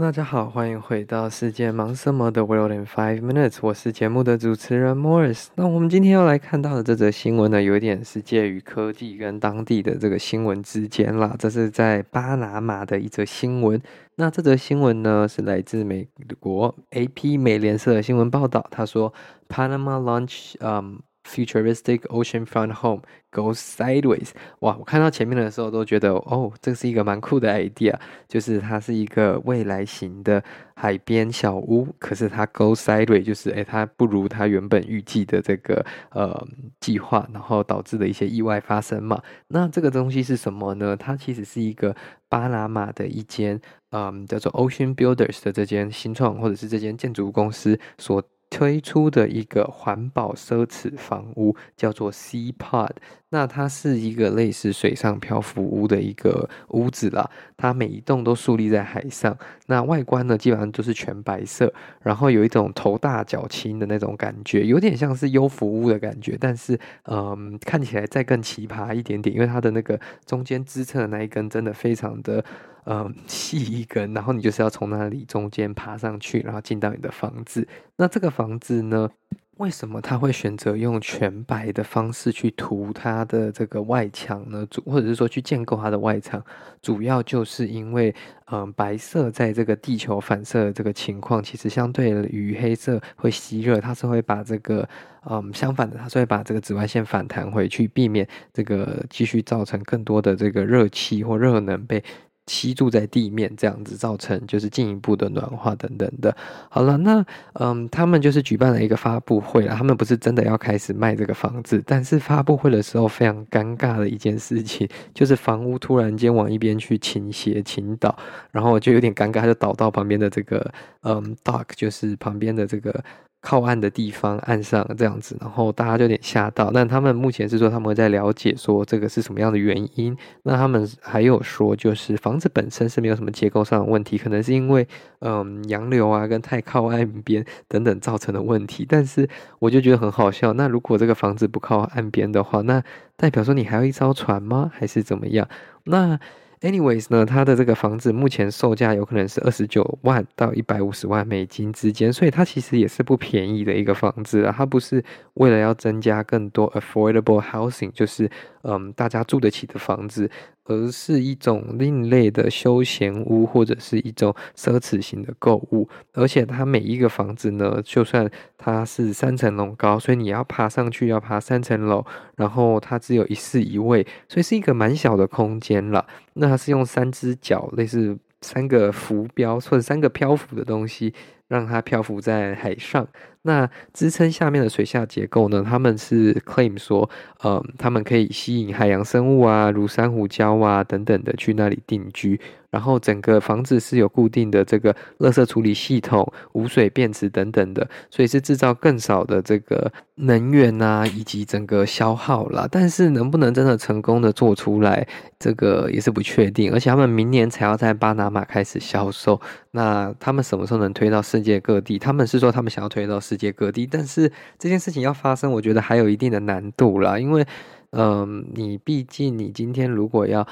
大家好，歡迎回到世界忙什麼的 world in five minutes，我是節目的主持人 Morris。那我們今天要來看到的這則新聞呢，有點是介於科技跟當地的這個新聞之間啦。這是在巴拿馬的一則新聞。那這則新聞呢，是來自美國 AP 美聯社的新聞報道。他說，Panama launch，嗯、um。Futuristic oceanfront home goes sideways。哇，我看到前面的時候都覺得，哦，這是一個蠻酷的 idea，就是它是一個未來型的海邊小屋，可是它 go sideways，就是誒、欸，它不如它原本預計的這個呃計劃，然後導致的一些意外發生嘛。那這個東西是什麼呢？它其實是一個巴拿馬的一間，嗯，叫做 Ocean Builders 的這間新創或者是這間建築公司所。推出的一個環保奢侈房屋，叫做 SeaPod。那它是一個類似水上漂浮屋的一個屋子啦，它每一棟都豎立在海上。那外觀呢，基本上都是全白色，然後有一種頭大腳輕的那種感覺，有點像是幽浮屋的感覺，但是嗯，看起來再更奇葩一點點，因為它的那個中間支撐的那一根真的非常的嗯細一根，然後你就是要從那裡中間爬上去，然後進到你的房子。那這個房子呢？為什麼他會選擇用全白的方式去塗他的這個外牆呢？主或者是說去建構他的外牆，主要就是因為，嗯，白色在這個地球反射的這個情況，其實相對於黑色會吸熱，它是會把這個，嗯，相反的，它是會把這個紫外線反彈回去，避免這個繼續造成更多的這個熱氣或熱能被。吸住在地面，這樣子造成就是進一步的暖化等等的。好了，那嗯，他們就是舉辦了一個發布會了，他們不是真的要開始賣這個房子，但是發布會的時候非常尷尬的一件事情，就是房屋突然間往一邊去傾斜傾倒，然後就有點尷尬，就倒到旁邊的這個嗯 dock，就是旁邊的這個。靠岸的地方，岸上這樣子，然後大家就有點嚇到。那他們目前是說他們會在了解說這個是什麼樣的原因。那他們還有說就是房子本身是沒有什麼結構上的問題，可能是因為嗯洋流啊跟太靠岸邊等等造成的問題。但是我就覺得很好笑。那如果這個房子不靠岸邊的話，那代表說你還要一艘船嗎？還是怎麼樣？那。Anyways 呢，它的這個房子目前售價有可能是二十九萬到一百五十萬美金之間，所以它其實也是不便宜的一個房子啊。它不是為了要增加更多 affordable housing，就是，嗯，大家住得起的房子。而是一種另類的休閒屋，或者是一種奢侈型的購物。而且它每一個房子呢，就算它是三層樓高，所以你要爬上去要爬三層樓，然後它只有一室一衛，所以是一個蠻小的空間了。那它是用三隻腳，類似三個浮標或者三個漂浮的東西。讓它漂浮在海上，那支撐下面的水下結構呢，他們是 claim 說，呃，他們可以吸引海洋生物啊，如珊瑚礁啊等等的去那裡定居。然後整個房子是有固定的這個垃圾處理系統、污水電池等等的，所以是製造更少的這個能源啊，以及整個消耗啦。但是能不能真的成功的做出來，這個也是不確定。而且他們明年才要在巴拿馬開始銷售，那他們什麼時候能推到世界各地？他們是說他們想要推到世界各地，但是這件事情要發生，我覺得還有一定的難度啦。因為，嗯，你畢竟你今天如果要。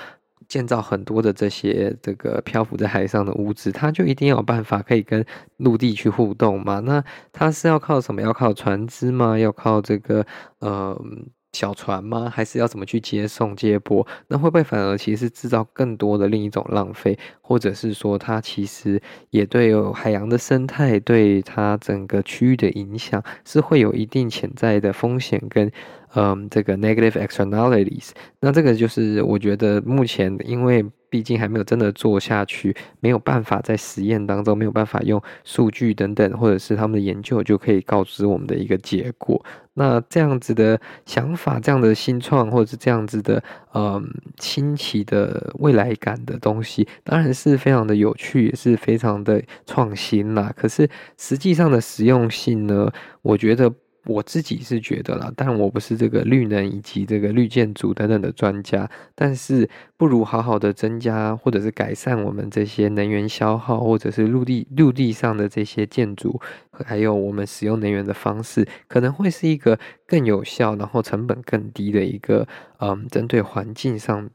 建造很多的這些這個漂浮在海上的物質，它就一定要有辦法可以跟陸地去互動嘛？那它是要靠什麼？要靠船只嗎？要靠這個嗯、呃、小船嗎？還是要怎麼去接送接駁？那會不會反而其實製造更多的另一種浪費，或者是說它其實也對海洋的生態、對它整個區域的影響是會有一定潛在的風險跟？嗯，這個 negative externalities，那這個就是我覺得目前，因為畢竟還沒有真的做下去，沒有辦法在實驗當中，沒有辦法用數據等等，或者是他們的研究就可以告知我們的一個結果。那這樣子的想法，這樣的新創，或者是這樣子的，嗯，新奇的未來感的東西，當然是非常的有趣，也是非常的創新啦。可是實際上的實用性呢，我覺得。我自己是覺得啦，但我不是這個綠能以及這個綠建築等等的專家，但是不如好好的增加或者是改善我們這些能源消耗，或者是陸地陸地上的這些建築，還有我們使用能源的方式，可能會是一個更有效，然後成本更低的一個，嗯，針對環境上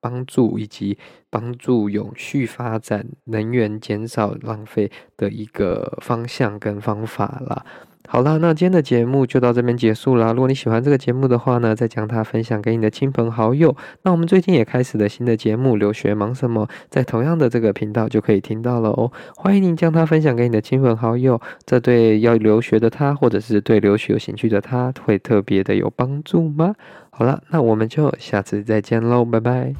幫助以及幫助永續發展能源減少浪費的一個方向跟方法啦。好了，那今天的節目就到這邊結束了。如果你喜歡這個節目的話呢，再將它分享給你的親朋好友。那我們最近也開始了新的節目《留學忙什麼》，在同樣的這個頻道就可以聽到了哦。歡迎您將它分享給你的親朋好友，這對要留學的他或者是對留學有興趣的他會特別的有幫助嗎？好了，那我們就下次再見嘍，拜拜。